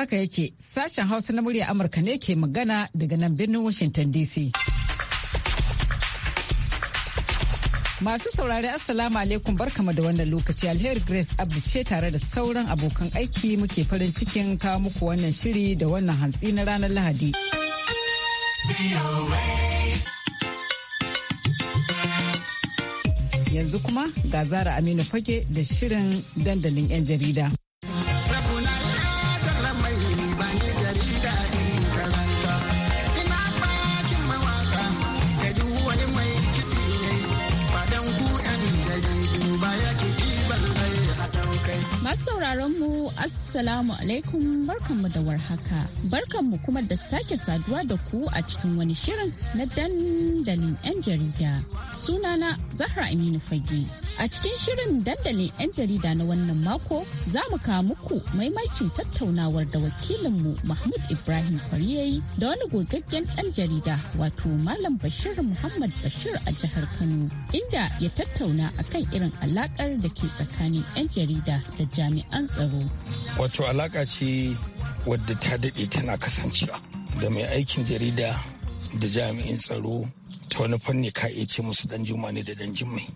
Haka yake sashen Hausa na murya Amurka ne ke magana daga nan birnin Washington DC. Masu saurari Assalamu alaikum barkama da wannan lokaci alheri Grace Abdu ce tare da sauran abokan aiki muke farin cikin kawo muku wannan shiri da wannan hantsi na ranar Lahadi. Yanzu kuma ga Zara Aminu Fage da shirin dandalin 'yan jarida. Assalamu alaikum barkanmu da warhaka. Barkanmu kuma da sake saduwa da ku a cikin wani shirin na dandalin 'yan jarida. Sunana Zahra Aminu Fage. A cikin shirin dandalin 'yan jarida na wannan mako za mu kawo muku maimakin tattaunawar da wakilinmu Mahmud Ibrahim Kwariyayi da wani gogaggen ɗan jarida wato Malam Bashir Muhammad Bashir a jihar Kano inda ya tattauna akan irin alakar da ke tsakanin 'yan jarida da jami'an tsaro. wato alaka ce wadda ta daɗe tana kasancewa da mai aikin jarida da jami'in tsaro ta wani fanni ka iya ce musu dan juma ne da dan jimmai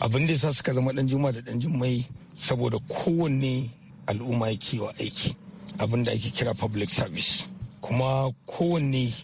abin da yasa suka zama dan juma da dan jimmai saboda kowanne al'umma yake wa aiki abin da ake kira public service kuma kowanne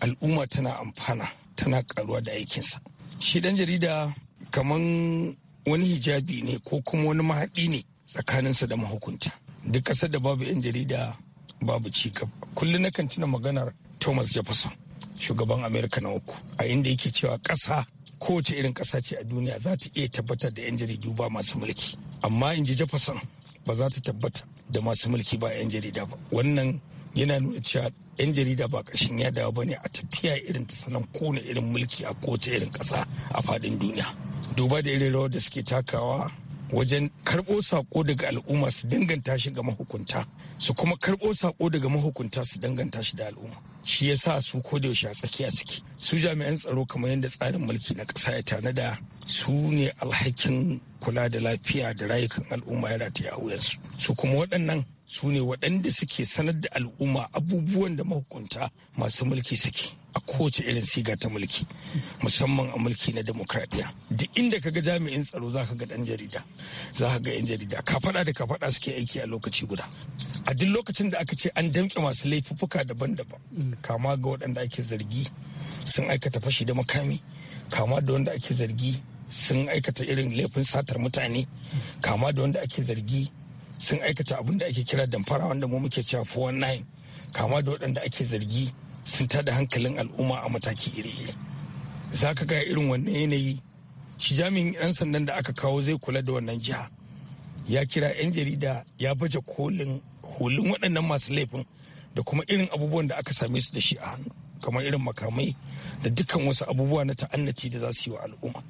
al'umma tana amfana tana karuwa da aikinsa shi dan jarida kaman wani hijabi ne ko kuma wani mahaɗi ne tsakaninsa da mahukunta duk ƙasar da babu 'yan jarida babu ci gaba kullum nakan tuna maganar thomas jefferson shugaban amerika na uku a inda yake cewa ƙasa kowace irin kasa ce a duniya za ta iya tabbatar da 'yan jaridu ba masu mulki amma in ji jefferson ba za ta tabbata da masu mulki ba 'yan jarida ba wannan yana nuna cewa 'yan jarida ba kashin ya dawo ba ne a tafiya irin ta sanan kone irin mulki a kowace irin ƙasa a faɗin duniya duba da irin rawar da suke takawa wajen karɓo sako daga al'umma su danganta shi ga mahukunta su kuma karɓo sako daga mahukunta su danganta shi da al'umma shi ya sa su ko da yaushe a tsakiya suke su jami'an tsaro kamar yadda tsarin mulki na ƙasa ya tanada su ne alhakin kula da lafiya da rayukan al'umma ya rataya a wuyansu su kuma waɗannan su ne waɗanda suke sanar da al'umma abubuwan da mahukunta masu mulki suke a kowace irin siga ta mulki musamman a mulki na demokradiyya duk inda ka ga jami'in tsaro za ka ga ɗan jarida za ka ga 'yan jarida ka faɗa da ka faɗa suke aiki a lokaci guda a duk lokacin da aka ce an damƙe masu laifuffuka daban-daban kama ga waɗanda ake zargi sun aikata fashi da makami kama da wanda ake zargi sun aikata irin laifin satar mutane kama da wanda ake zargi sun aikata abin da ake kira damfara wanda mu muke cewa nine kama da waɗanda ake zargi sun tada hankalin al'umma a mataki iri-iri za ka ga irin wannan yanayi shi jami'in 'yan sandan da aka kawo zai kula da wannan jiha ya kira 'yan jarida ya baje kolin hulun waɗannan masu laifin da kuma irin abubuwan da aka same su da shi a hannu kamar irin makamai da dukkan wasu abubuwa na ta'annaci da za su yi wa al'umma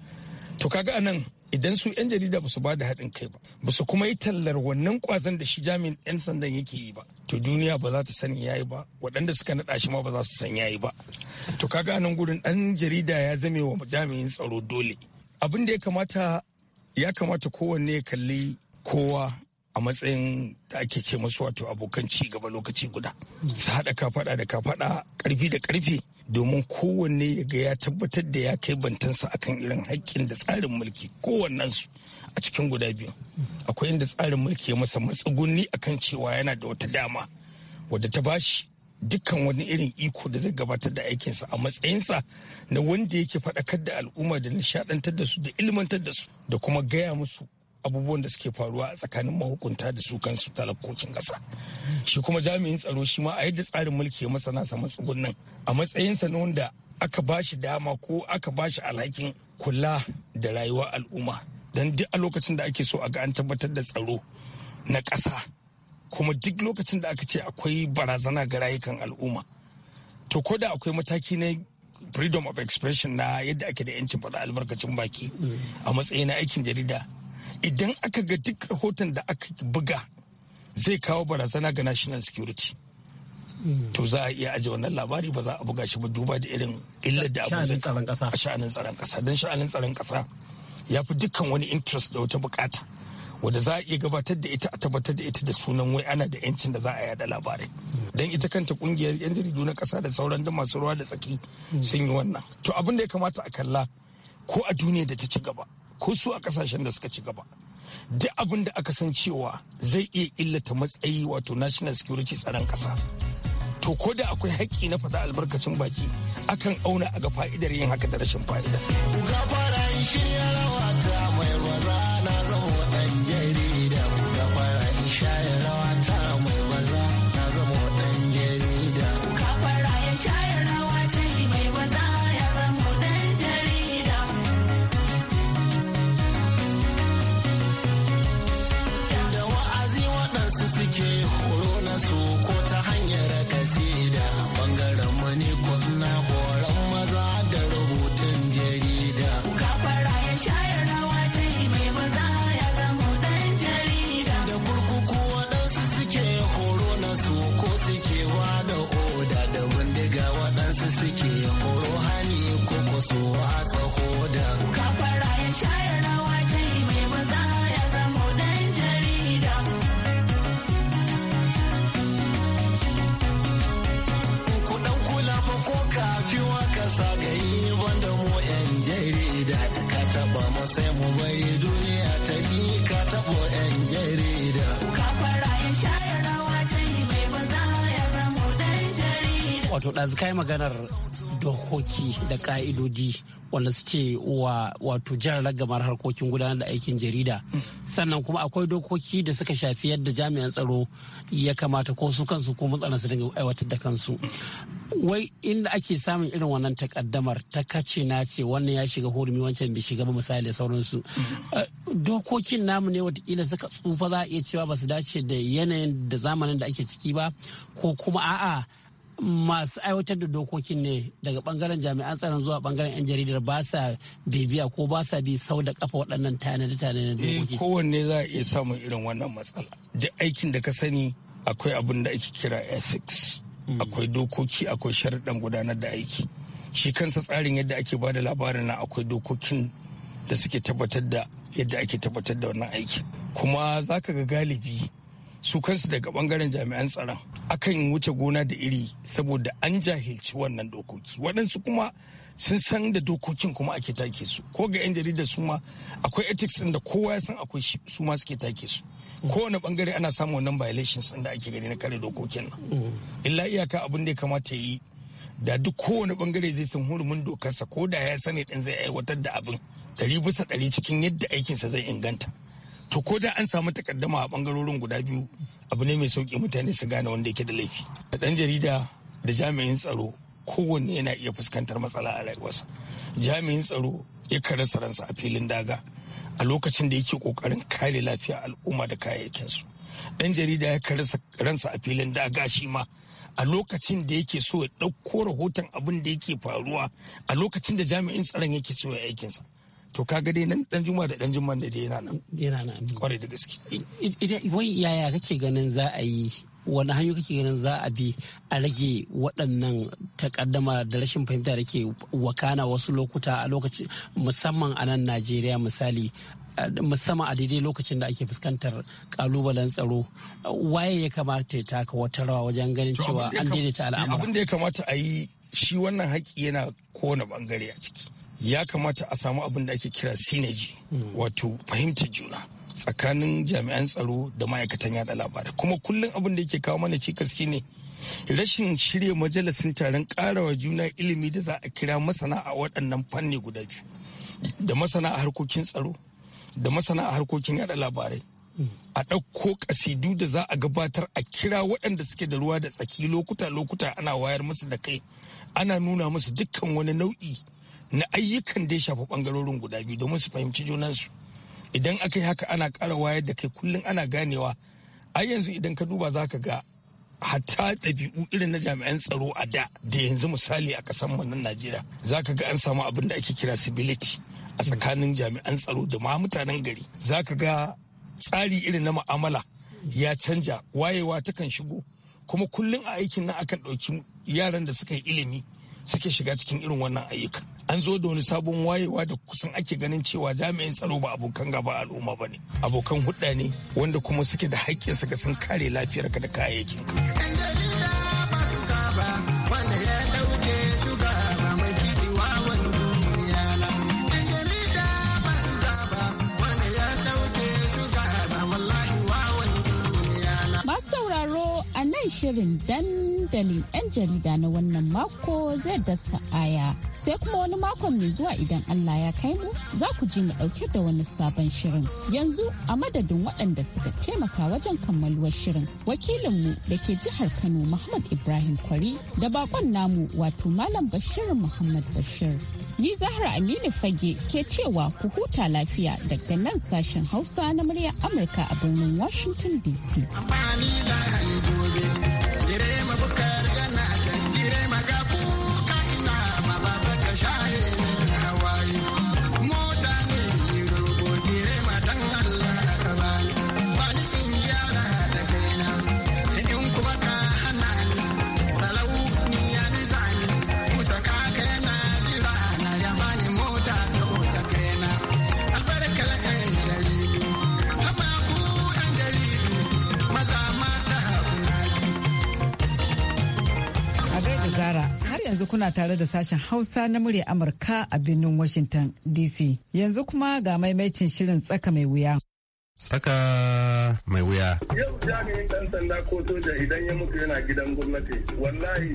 to kaga anan idan su 'yan jarida ba su ba da haɗin kai ba ba su kuma yi tallar wannan kwazon da shi jami'in 'yan sandan yake yi ba to duniya ba za ta sani yi ba waɗanda suka naɗa shi ma ba za su san ya yi ba to kaga nan gurin ɗan jarida ya zame wa jami'in tsaro dole abin da ya kamata ya kamata kowanne ya kalli kowa a matsayin da ake ce masu wato abokan ci gaba lokaci guda su haɗa kafaɗa da kafaɗa ƙarfi da ƙarfi domin kowanne ya ga ya tabbatar da ya kai bantansa akan irin haƙƙin da tsarin mulki kowannensu a cikin guda biyu akwai inda tsarin mulki ya masa matsugunni akan cewa yana da wata dama wadda ta bashi dukkan wani irin iko da zai gabatar da aikinsa a matsayinsa na wanda yake faɗakar da al'umma da nishaɗantar da su da ilmantar da su da kuma gaya musu abubuwan da suke faruwa a tsakanin mahukunta da su kansu talakokin kasa. shi kuma jami'in tsaro shi ma a yadda tsarin mulki ya masana sa matsugunnan a matsayinsa na wanda aka ba shi dama ko aka ba shi alhakin kula da rayuwar al'umma don duk a lokacin da ake so a ga an tabbatar da tsaro na kasa. kuma duk lokacin da aka ce akwai barazana ga rayukan al'umma to ko da akwai mataki na freedom of expression na yadda ake da yancin faɗa albarkacin baki a matsayin na aikin jarida idan aka ga duk rahoton da aka buga zai kawo barazana ga national security to za a iya aje wannan labari ba za a buga shi ba duba da irin illar da abu zai a sha'anin tsaron kasa don sha'anin tsaron kasa ya fi dukkan wani interest da wata bukata wadda za a iya gabatar da ita a tabbatar da ita da sunan wai ana da yancin da za a yada labarai don ita kanta kungiyar yan jaridu na kasa da sauran da masu ruwa da tsaki sun yi wannan to abin da ya kamata a kalla ko a duniya da ta ci gaba ko su a kasashen da suka ci gaba duk abin da aka san cewa zai iya illata matsayi wato national security tsaron kasa to ko da akwai haƙƙi na faɗa albarkacin baki akan auna a ga fa'idar yin haka da rashin fa'ida. Ku ga fara ta mai taba sai mu bari duniya ta ji ka tabo yan jarida ka fara ya shayar rawa ta yi mai ba za ya zama dan jarida wato ɗazu kai maganar dokoki da ka'idoji wanda suke wa wato jan ragamar harkokin gudanar da aikin jarida sannan kuma akwai dokoki da suka shafi yadda jami'an tsaro ya kamata ko su kansu ko mutane su dinga aiwatar da kansu wai inda ake samun irin wannan takaddamar ta kace na ce wannan ya shiga hurumi wancan bai shiga ba misali da sauransu eh, dokokin namu ne watakila suka tsufa za a iya cewa ba su dace da yanayin da zamanin da ake ciki ba ko kuma a'a masu aiwatar da dokokin ne daga bangaren jami'an tsaron zuwa bangaren 'yan jaridar ba sa bibiya ko ba sa bi sau da kafa waɗannan tanadi na dokoki. Eh, kowanne za a iya samun irin wannan matsala duk aikin da ka sani akwai abin da ake kira ethics hmm. akwai dokoki akwai sharaɗan gudanar da aiki shi kansa tsarin yadda ake ba da labarin na akwai dokokin da suke tabbatar da yadda ake tabbatar da wannan aiki kuma za ka ga galibi su kansu daga bangaren jami'an tsaron akan wuce gona da iri saboda an jahilci wannan dokoki waɗansu kuma sun san da dokokin kuma ake take su ko ga 'yan jarida su ma akwai ethics ɗin da kowa ya san akwai su ma suke take su kowane bangare ana samun wannan violations ɗin da ake gani na kare dokokin nan mm. illa iyaka abin da ya kamata ya yi da duk kowane bangare zai san hurumin dokarsa ko da ya sani ɗin zai aiwatar da abin ɗari bisa ɗari cikin yadda aikinsa zai inganta to ko da an samu takaddama a bangarorin guda biyu abu ne mai sauki mutane su gane wanda yake da laifi da dan jarida da jami'in tsaro kowanne yana iya fuskantar matsala a rayuwarsa jami'in tsaro ya rasa ransa a filin daga a lokacin da yake kokarin kare lafiya al'umma da kayayyakinsu dan jarida ya rasa ransa a filin daga shi ma a lokacin da yake so ya ɗauko rahoton abin da yake faruwa a lokacin da jami'in tsaron yake so ya aikinsa to kaga dai nan dan juma da dan juma da dai yana nan yana nan kwarai da gaske wai yaya kake ganin za a yi wani hanyoyi kake ganin za a bi a rage waɗannan takaddama da rashin fahimta da ke wakana wasu lokuta a lokaci musamman a nan najeriya misali musamman a daidai lokacin da ake fuskantar kalubalen tsaro waye ya kamata ya taka wata rawa wajen ganin cewa an daidaita al'amura abin da ya kamata a yi shi wannan haƙi yana kowane bangare a ciki ya kamata a samu abin da ake kira sinaji hmm. wato fahimtar juna tsakanin jami'an tsaro da ma'aikatan yada labarai kuma kullum abin da yake kawo mana cikas ne. rashin shirya majalisun taron karawa juna ilimi da za a kira masana a waɗannan fanni guda biyu da masana a harkokin tsaro da masana a harkokin yada labarai hmm. a ɗauko kasidu da za a gabatar a kira waɗanda suke da ruwa da tsaki lokuta-lokuta ana wayar musu da kai ana nuna musu dukkan wani nau'i na ayyukan da ya shafi bangarorin guda biyu domin su fahimci junansu idan aka yi haka ana kara wayar da kai kullum ana ganewa ai yanzu idan ka duba za ka ga hatta ɗabi'u irin na jami'an tsaro a da da yanzu misali a ƙasar mu Najeriya za ka ga an samu abin da ake kira civility a tsakanin jami'an tsaro da ma mutanen gari za ka ga tsari irin na ma'amala ya canja wayewa takan shigo kuma kullum a aikin nan akan ɗauki yaran da suka yi ilimi suke shiga cikin irin wannan ayyuka. an zo da wani sabon wayewa da kusan ake ganin cewa jami'in tsaro ba abokan gaba al'umma ba ne abokan hudda ne wanda kuma suke da haƙƙin su ga sun kare lafiyarka da kayayyakin ka. shirin dandalin 'yan jarida na wannan mako zai dasa aya. Sai kuma wani makon mai zuwa idan Allah ya kai mu za ku ji mu ɗauke da wani sabon shirin. Yanzu a madadin waɗanda suka taimaka wajen kammaluwar shirin wakilinmu da ke jihar Kano Muhammad Ibrahim Kwari da bakon namu wato Malam Bashir Muhammad Bashir. Ni Zahra Aminu Fage ke cewa ku huta lafiya daga nan sashen Hausa na muryar Amurka a birnin Washington DC. kuna tare da sashen Hausa na murya Amurka a birnin Washington DC. Yanzu kuma ga maimaicin shirin tsaka mai wuya. Tsaka mai wuya. Yau jami'in ɗan sanda ko soja idan ya mutu yana gidan gwamnati, wallahi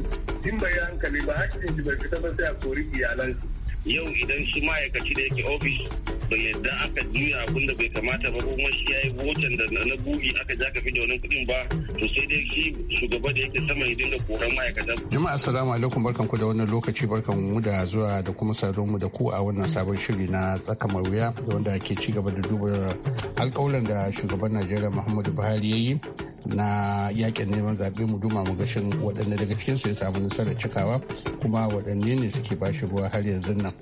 in bai hankali ba hakkin shi bai fita ba sai a kori iyalansu. yau idan shi ma'aikaci da yake ofis bai yadda aka juya abinda bai kamata ba kuma shi ya yi wucin da na bugi aka ja ka da wani kuɗin ba to sai dai shi shugaba da yake sama ya da koran ma'aikata. jama'a assalamu alaikum barkan ku da wannan lokaci barkan mu da zuwa da kuma sadon mu da ku a wannan sabon shiri na tsakamar wuya wanda ke ci gaba da duba alƙawuran da shugaban najeriya muhammadu buhari ya yi na yakin neman zaɓe mu duma mu gashin waɗanne daga cikin su ya samu nasarar cikawa kuma waɗanne ne suke bashi ruwa har yanzu nan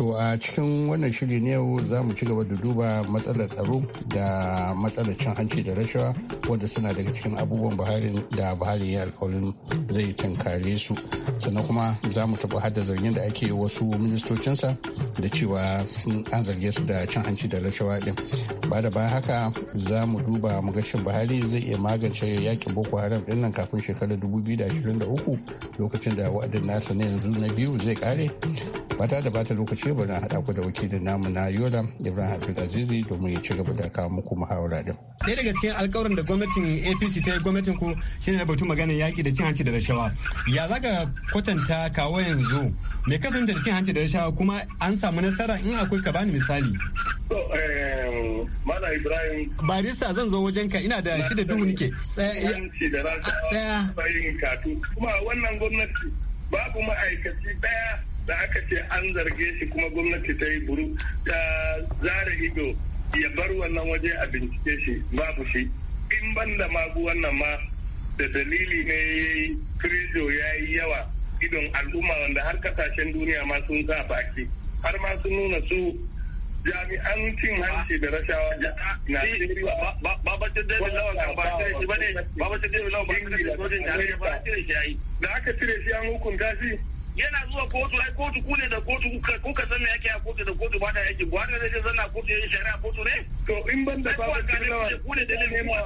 To a cikin wannan shiri ne yau za mu ci gaba da duba matsalar tsaro da matsalar cin hanci da rashawa wanda suna daga cikin abubuwan Buhari da Buhari ya alkawarin zai tunkare su. Sannan kuma za mu taɓa hada zargin da ake wasu ministocinsa da cewa sun an zarge su da cin hanci da rashawa din. Ba da bayan haka za mu duba mugashin Buhari zai iya magance yakin Boko Haram din nan kafin shekarar 2023 lokacin da wa'adin nasa ne yanzu na biyu zai kare. Ba da bata lokaci ba na haɗa ku da wakilin namu na Yola Ibrahim Abdul Azizi domin ya ci gaba da kawo muku muhawara din. Ɗaya daga cikin alƙawarin da gwamnatin APC ta yi gwamnatin ku shine na batun maganar yaƙi da cin hanci da rashawa. Ya zaka kwatanta kawo yanzu mai ka da cin hanci da rashawa kuma an samu nasara in akwai ka bani misali. Eh, Mala Ibrahim. Barista zan zo wajen ka ina da shi da duhu nike. Tsaya. Tsaya. Kuma wannan gwamnati babu ma'aikaci ɗaya da aka ce an zarge shi kuma gwamnati ta yi buru ta zara ido ya bar wannan waje a bincike shi babu shi in ban da magu wannan ma da dalili ne ya yi ya yi yawa idon al'umma wanda har kasashen duniya ma sun sa baki har ma sun nuna su jami'an cin hanci da rashawa na babacin david ba ba ba ba ba ba ba ba ba ba ba ba ba ba aka cire ba an hukunta shi yana zuwa kotu ai kotu ku ne da kotu ku ka san me yake a kotu da kotu ba ta yake ba da zai zanna kotu yayin shari'a kotu ne to in ban da ba ku ne ku ne da ne mu ai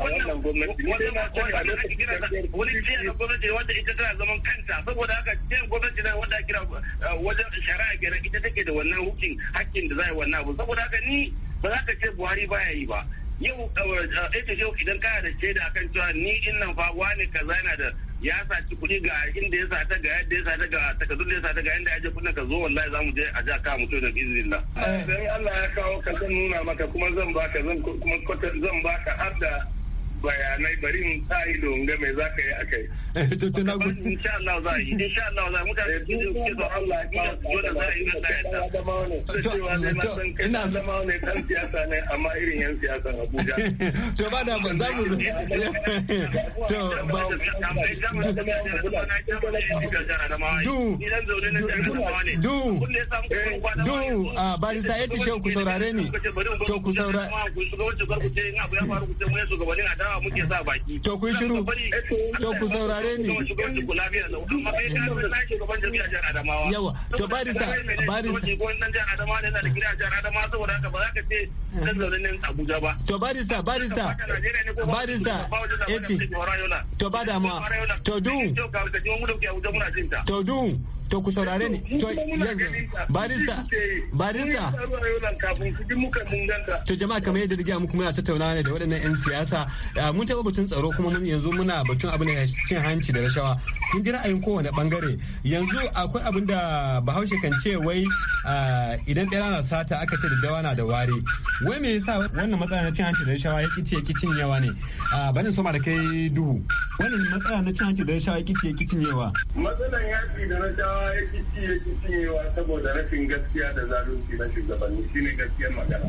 wannan gwamnati wannan ma ko da ake kira wani jiya na gwamnati wanda ita tana zaman kanta saboda haka jiya gwamnati da wanda kira uh, wajen shari'a gare ita take da wannan hukin hakkin da zai wannan abu saboda haka ni ba za ka ce Buhari baya yi ba yau ita uh, uh, yau idan kana da shaida akan cewa ni in nan fa wani kaza yana da ya saci kuɗi ga inda ya sata ga yadda ya sata ga takardun da ya sata ga inda ya je kuɗin ka zo wallahi za mu je a ja ka mutum da izinillah. Eh. Sai Allah ya kawo ka zan nuna maka kuma zan baka zan kuma zan baka har da bayanai bari in sa ido in ga me za ka yi a kai. To tuna ku. Insha Allah za yi. Insha Allah za yi. Mutane su ne suke zo Allah ya za yi Allah san zama ne siyasa ne amma irin yan siyasa Abuja. To ba da ba za mu To ba. Du. Du. Du. A barista ya ce ku saurare ni. To ku saurare. dawa muke sa baki to ku shiru to ku saurare ni yawa to bari barista barista to bari bari sa, sa, bari sa, eti to bada ma, to du to du to ku saurare ni to yanzu barista barista to jama'a kamar yadda rigiya muku muna tattaunawa ne da waɗannan 'yan siyasa ah, mun taɓa batun tsaro kuma yanzu muna batun abin da cin hanci da rashawa kun ji ra'ayin kowane bangare yanzu akwai abin da bahaushe kan ce wai ah, idan ɗaya na sata aka ce da dawa na da ware wai me yasa wannan matsala na cin hanci da rashawa ya kici ya kicin yawa ne ah, bani soma da kai duhu wannan matsala na cin hanci da rashawa ya kici ya kicin yawa matsalan yaki da rashawa ya kici ya kicin yawa saboda rashin gaskiya da zalunci na shugabanni shine gaskiyar magana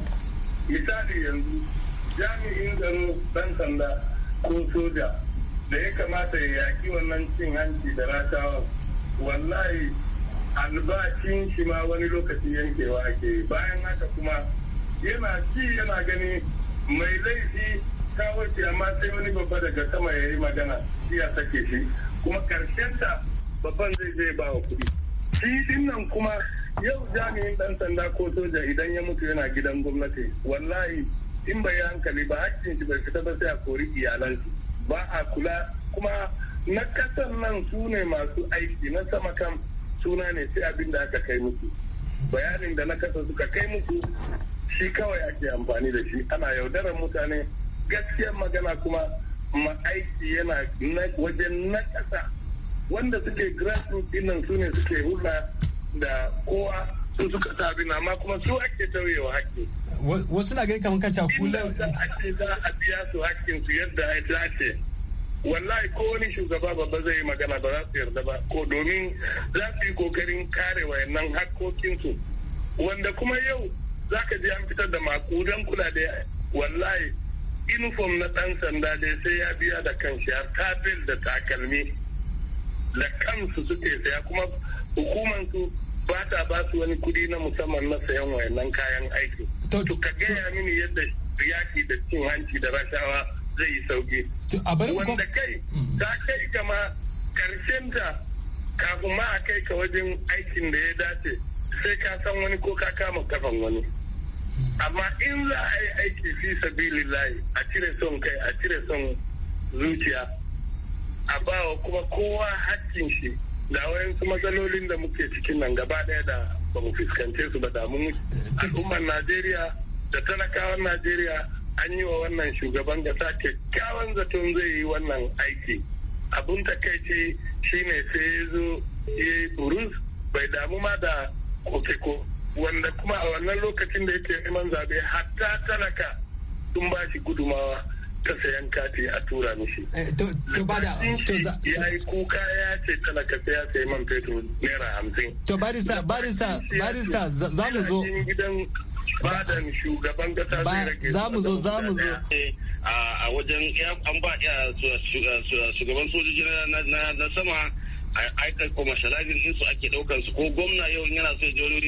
misali yanzu jami'in tsaro dan sanda ko soja da ya kamata ya yaki wannan cin hanci da rashawa wallahi albashin shi ma wani lokaci yankewa ke bayan haka kuma yana ci yana gani mai laifi ta wuce amma sai wani babba daga sama ya yi magana ya sake shi kuma ta babban zai zai ba wa kuɗi shi din nan kuma yau jami'in ɗan sanda ko soja idan ya mutu yana gidan gwamnati wallahi in bai hankali ba hakkin shi bai fita ba sai a kori iyalansu ba a kula kuma na kasan nan su ne masu aiki na sama kan suna ne sai abin da aka kai musu bayanin da na suka kai musu shi kawai ake amfani da shi ana yaudarar mutane gaskiyar magana kuma ma'aiki yana wajen na kasa wanda suke grassroots dinnan su ne suke hula da kowa su suka sa abin amma kuma su ake tauyewa hakki wasu na gani kamar kan cakula za a ce za a biya su hakkin su yadda ya dace wallahi ko wani shugaba ba zai yi magana ba za su yarda ba ko domin za su yi kokarin kare wayannan su wanda kuma yau za ka je an fitar da makudan kula da wallahi uniform na ɗan sanda dai sai ya biya da shi har tabel da takalmi da kansu suke saya kuma hukumansu ba ta ba su wani kudi na musamman na sayan wayannan kayan aiki. To ka gaya mini yadda yaki da cin hanci da rashawa zai yi sauki. Wanda kai ta mm. kai kama karshen ta kafin ma a kai ka wajen aikin da ya dace sai ka san wani ko ka kama kafan wani. Mm. Amma in za a yi aiki fi sabili layi a cire son kai a cire son zuciya a bawa kuma kowa hakkin shi ga wayansu matsalolin da muke cikin nan gaba ɗaya da ba mu fuskance su ba damu al'ummar najeriya da talakawan najeriya an yi wa wannan shugaban gasa kyakkyawan zaton zai yi wannan aiki abun takaici shine sai ya zo ya yi buruz bai damu ma da kokeko wanda kuma a wannan lokacin da yake neman zabe hatta talaka sun ba shi gudumawa ta sayan kati a tura mishi. Eh, to ba da to za ya yi kuka ya ce talaka sai ya sayi man fetur naira hamsin. To barista barista barista za mu zo. gidan badan shugaban kasa zai rage. Za mu zo za mu zo. A wajen an ba shugaban sojoji na sama a aikar kuma shalagin su ake daukan su ko gwamna yau yana so ya je wani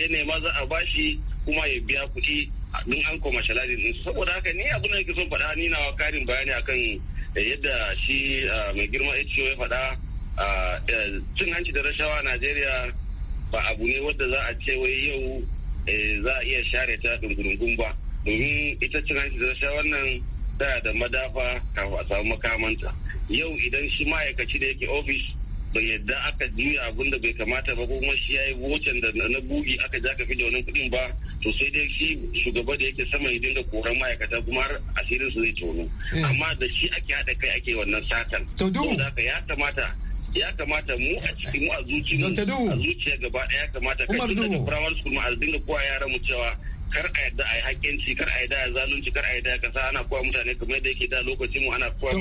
ya nema za a bashi kuma ya biya kuɗi dun an shaladin din saboda haka ni abin da yake son faɗa ni na karin bayani akan yadda shi ah, mai girma HCO ya faɗa ah, eh, cin hanci da rashawa a Najeriya ba abu ne wadda za a ce wai yau eh, za a iya share ta dungurungun ba domin ita cin hanci da rashawa nan tana da madafa kafin a samu makamanta yau idan shi ma'aikaci da yake ofis bai yadda aka juya abin da bai kamata ba ko kuma shi ya yi wocen da na bugi aka ja ka fi da wani kuɗin ba to sai dai shi shugaba da yake sama ya dinga koran ma'aikata kuma har asirin su zai tono eh. amma da shi ake haɗa kai ake wannan satan to duk ya kamata ya kamata mu a ciki mu a zuciya gaba ɗaya ya kamata kai dinga da firawar su kuma a dinga kowa yaran mu cewa kar a yadda a yi hakinci kar a yadda a zalunci kar a yadda a kasa ana kowa mutane kamar yadda yake da lokacin mu ana kowa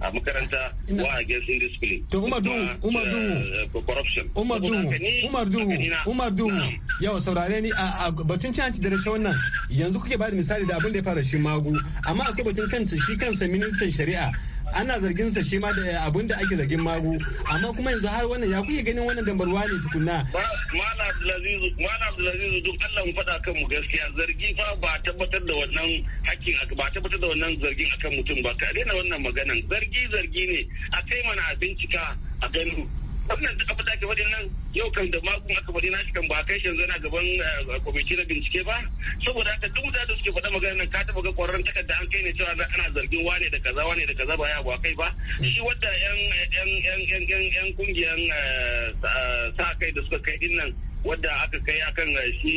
a makaranta wa against indiscipline to umar duhu umar duhu corruption umar duhu umar duhu umar duhu yawa saurare ni a batun cin hanci da rashin wannan yanzu kuke bada misali da abin da ya fara shi magu amma akwai batun kansa shi kansa ministan shari'a ana zargin sa shi ma da abin da ake zargin magu amma kuma yanzu har wannan ya kuke ganin wannan dambarwa ne tukunna malam abdulazizu mala abdulazizu duk Allah mu faɗa kan mu gaskiya zargi fa ba tabbatar da wannan hakkin ba tabbatar da wannan zargin akan mutum ba ka daina wannan maganan zargi zargi ne a kai mana a bincika a gani wannan duk abin da aka yau kan da makon aka faɗi na shi kan ba kai shi yanzu yana gaban eh, kwamiti na bincike ba saboda haka duk da suke faɗa magana nan ka taɓa ga kwararren takarda an kai ne cewa ana zargin wane da kaza wane da kaza ba ya ba kai ba shi wadda yan yan yan yan yan yan kungiyan eh, sa kai da suka kai din nan wadda aka kai akan eh, shi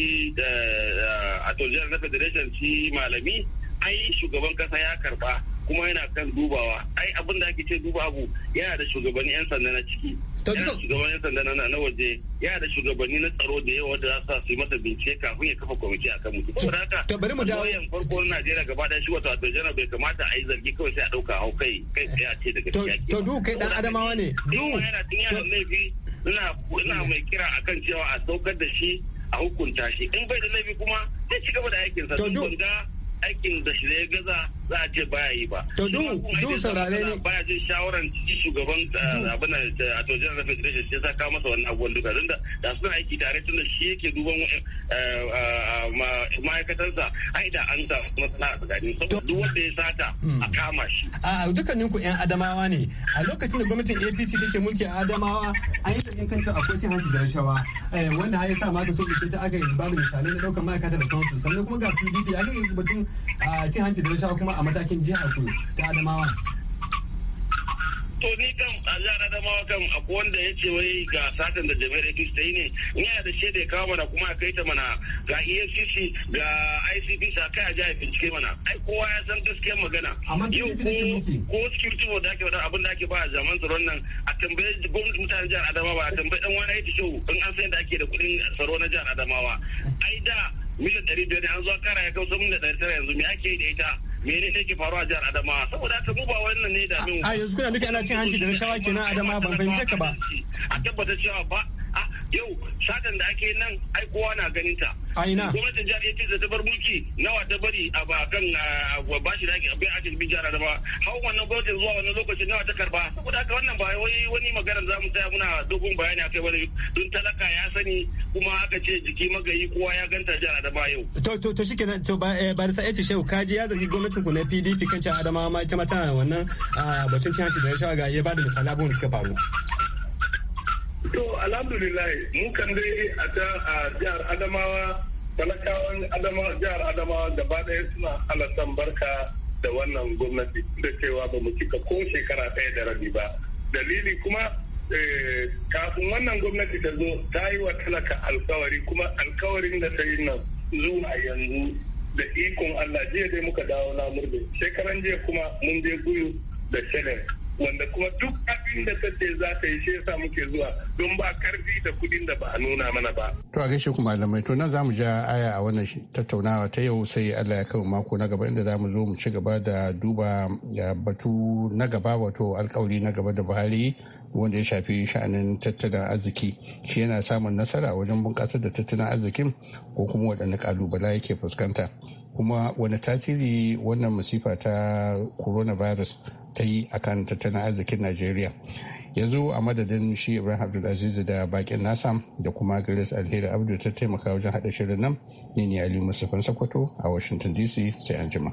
a tojiyar na federation shi malami ai shugaban kasa ya karba kuma yana kan dubawa ai abin da ake ce duba abu yana da shugabanni yan sanda na ciki yana da shugabanni yan sanda na waje yana da shugabanni na tsaro da yawa da za su yi masa bincike kafin ya kafa kwamiti a kan mutu. saboda haka to bari mu dawo yan farko na Najeriya gaba da shi wato Adjana bai kamata a yi zargi kawai sai a dauka hau kai kai sai a ce daga gaskiya to du kai dan adamawa ne du yana yana laifi ina ina mm. mai kira akan cewa a saukar da shi a hukunta shi in bai da laifi kuma sai ci gaba da aikinsa sa ban ga aikin da shi ya gaza za a ce baya yi ba. To du du saurare ne. Baya jin shawaran shugaban eh, abin a to jiran federation sai sa kawo masa wannan abubuwan duka Don da suna aiki tare tunda shi yake duban eh, eh, ma'aikatansa ai da an samu masana a tsakanin saboda duk wanda ya sata hmm. a kama shi. A dukkaninku 'yan Adamawa ne a lokacin da gwamnatin APC take mulki a Adamawa an yi zargin kanta a cin hanci da rashawa wanda ya sa ma ka so ta aka yi babu misalai na ɗaukar ma'aikata da sauransu sannan kuma ga PDP a yi batun ah, cin hanci da rashawa kuma a matakin jihar ku ta adamawa to ni kan a jihar adamawa kan akwai wanda ya ce wai ga satan da jami'ar apc ta yi ne in yana da shaida ya kawo mana kuma a kai ta mana ga efcc ga icp sa kai a jihar bincike mana ai kowa ya san gaskiyar magana yau ko security board da ake wadar abin da ake ba a zaman tsaron nan a tambaye gwamnati mutane jihar adamawa a tambaye dan wani aiki show in an san da ake da kudin tsaro na jihar adamawa ai da miliyan ɗari biyar ne an zo kara ya kawo samun da ɗari tara yanzu me ake yi da ita mene ne ke faruwa a jihar Adama saboda ta mu ba wannan ne da mu a yanzu kuna duka ana cin hanci da rashawa kenan Adama ban fahimce ka ba a tabbata cewa ba yau satan da ake nan ai kowa na ganin ta aina gwamnatin jihar ya ce da ta bar mulki nawa ta bari a ba kan bashi da ake abin ajin bin jihar da ba hau wannan gwamnatin zuwa wannan lokacin nawa ta karba saboda haka wannan ba wai wani magana za mu tsaya muna dogon bayani akai bane don talaka ya sani kuma aka ce jiki magayi kowa ya ganta jihar da ba yau to to to shikenan to ba eh, da sai ce shehu kaji ya zargi gwamnatin ku na PDP kan cewa Adamawa ma ita mata wannan ah, batun cin hanci da rashawa ga ya bada misalan abubuwan da suka faru To alhamdulillah mu kan dai a ta a jihar Adamawa talakawan Adamawa jihar Adamawa gaba ɗaya suna alasan barka da wannan gwamnati da cewa ba mu cika ko shekara ɗaya da rabi ba. Dalili kuma eh, kafin wannan gwamnati ta zo ta yi wa talaka alkawari kuma alkawarin da ta yi nan zuwa yanzu da ikon Allah jiya dai muka dawo na murbe shekaran jiya kuma mun je guyu da Shenek wanda kuma duk abin da tace za ta yi shi yasa muke zuwa don ba karfi da kudin da ba a nuna mana ba. To a gaishe ku malamai to nan zamu ja aya a wannan tattaunawa ta yau sai Allah ya kawo mako na gaba inda zamu zo mu ci gaba da duba batu na gaba wato alkawari na gaba da Buhari wanda ya shafi sha'anin tattalin arziki shi yana samun nasara wajen bunƙasar da tattalin arzikin ko kuma waɗanne ƙalubala yake fuskanta. kuma wani tasiri wannan masifa ta coronavirus ta yi akan tattalin arzikin najeriya yanzu a madadin shi ibrahim abdulaziz da bakin nasa da kuma grace alheri abdu ta taimaka wajen haɗa shirin nan ne ne aliyu musufan sokoto a washington dc sai an jima.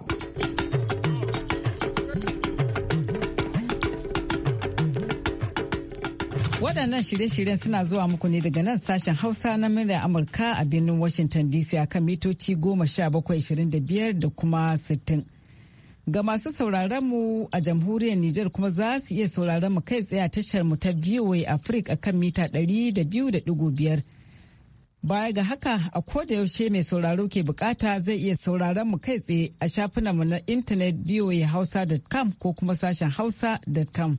Waɗannan shirye-shiryen suna zuwa muku ne daga nan sashen Hausa na murya Amurka a birnin Washington DC akan mitoci 1725 da kuma 60. Ga masu sauraron mu a jamhuriyar Nijar kuma za su iya sauraron mu kai tsaye a tashar mu ta VOA Africa kan mita 200.5. Baya ga haka a koda yaushe mai sauraro ke bukata zai iya sauraron mu kai tsaye a shafinanmu na intanet voahausa.com ko kuma sashen hausa.com.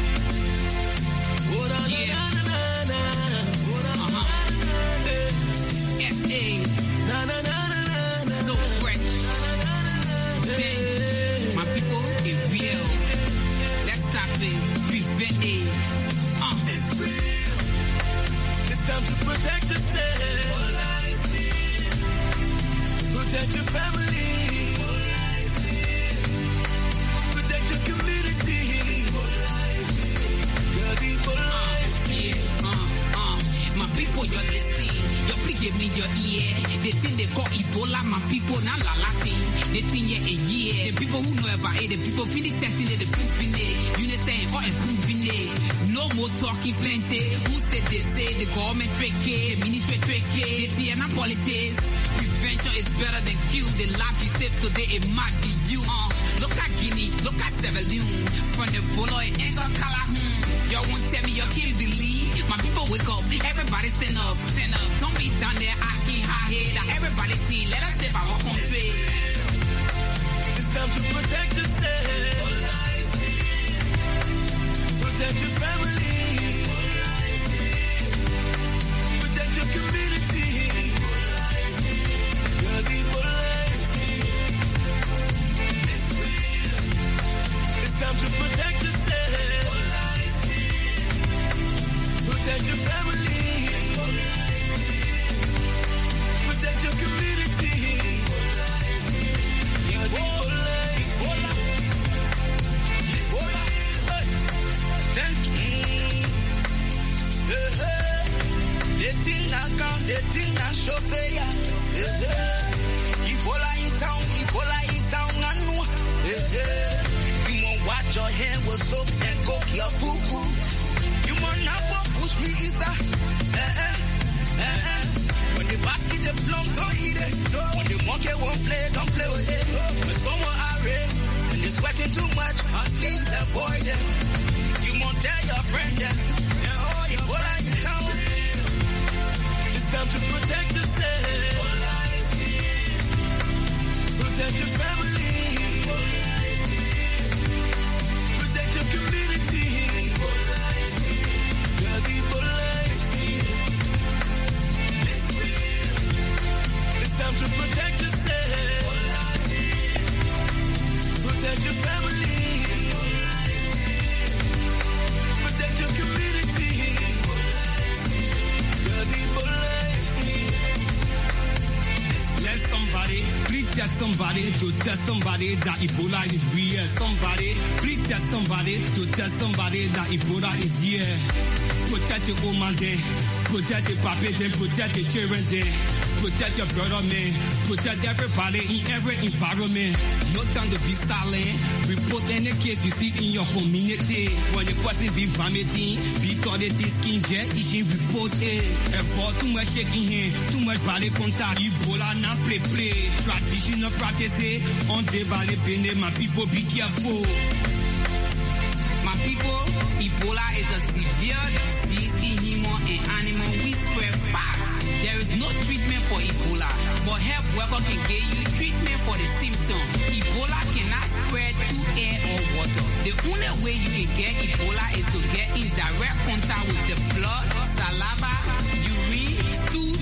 something up. Don't be down there acting high head. Everybody see, let us live our country. It's time to protect yourself. Protect your family. setting na shofeya. Ebola eh, eh. in town, Ebola eh, You must watch your and You must not push me isa. When the plum, don't it. When the monkey won't play, don't play with it. When array and sweating too much, please avoid them. You must tell your friend them. Yeah. to protect. somebody to tell somebody that Ebola is real. Somebody, please tell somebody to tell somebody that Ebola is here. Protect the old man then, protect the puppet then, protect the children then, protect your brother man, protect everybody in every environment. No time to be silent. Report any case you see in your community. When the person be vomiting, be calling this skin jet, it should report it. And for too much shaking hand, too much body contact, Ebola not play play. Traditional practice, eh. on the body bene, eh. my people be careful. My people, Ebola is a severe disease in human and animal. We spread fast. There is no treatment Ebola, but help worker can get you treatment for the symptoms. Ebola cannot spread through air or water. The only way you can get Ebola is to get in direct contact with the blood, saliva, urine, stool,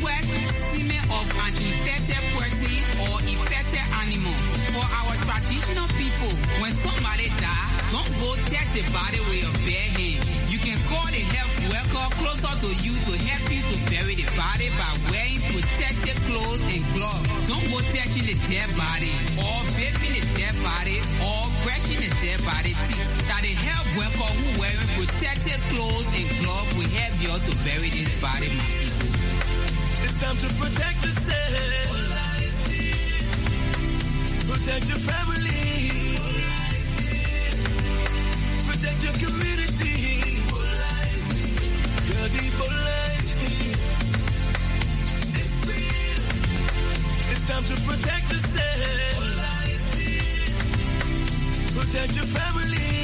sweat, semen of an infected person or infected animal. For our traditional people, when somebody dies, don't go touch the body with your bare hand. You can call the health worker closer to you to help you to bury the body by where clothes and gloves. Don't go touching the dead body or bathing the dead body or brushing the dead body teeth. That help. health for who wearing protected clothes and gloves will help you to bury this body, my people. It's time to protect yourself. Protect your family. Protect your community. time to protect yourself. Protect your family.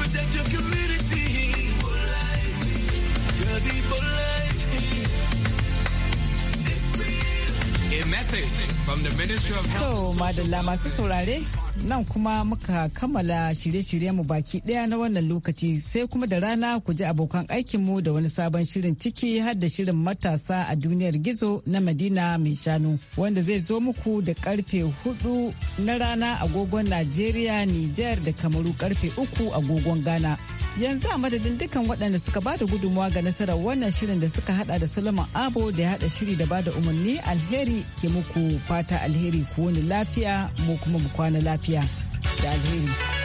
Protect your community. Cause Ebola is A message from the Minister of Health. So, madalla masu saurare. nan kuma muka kammala shirye mu baki ɗaya na wannan lokaci sai kuma da rana ku ji abokan aikinmu da wani sabon shirin ciki har da shirin matasa a duniyar gizo na madina mai shanu wanda zai zo muku da karfe hudu na rana agogon najeriya niger da kamaru karfe uku agogon ghana yanzu a madadin dukkan waɗanda suka ba da gudunmawa ga nasarar wannan shirin da suka hada da solomon abo da ya hada shiri da ba da umarni alheri ke muku fata alheri ku wani lafiya mu kuma mu kwana lafiya lafiya da alheri.